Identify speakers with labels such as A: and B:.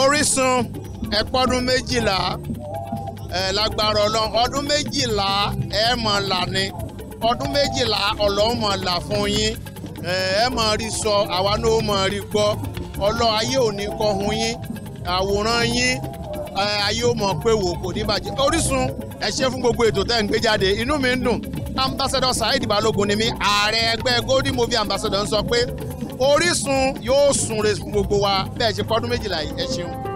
A: Orísun ẹ̀pọ́dún méjìlá ẹ̀ lágbára ọlọ́run ọdún méjìlá ẹ̀ mọ̀ là ni ọdún méjìlá ọlọ́run mọ̀ là fún yín ẹ mọ̀ rí sọ àwa náà mọ̀ rí gbọ́ ọlọ́ ayé ò ní kọ́hun yín àwòrán yín ayé ò mọ̀ pé wò kò ní bàjẹ́ Orísun ẹ ṣe fún gbogbo ètò tẹ́ ń gbé jáde inú mi ń dùn ambassador Saheed Balogun ni mí ààrẹ ẹgbẹ́ Golden Movie ambassador ń sọ pé Orísun yóò sunre gbogbo wa bẹ́ẹ̀ ṣe fọ́dún méjìlá yìí ẹ ṣeun.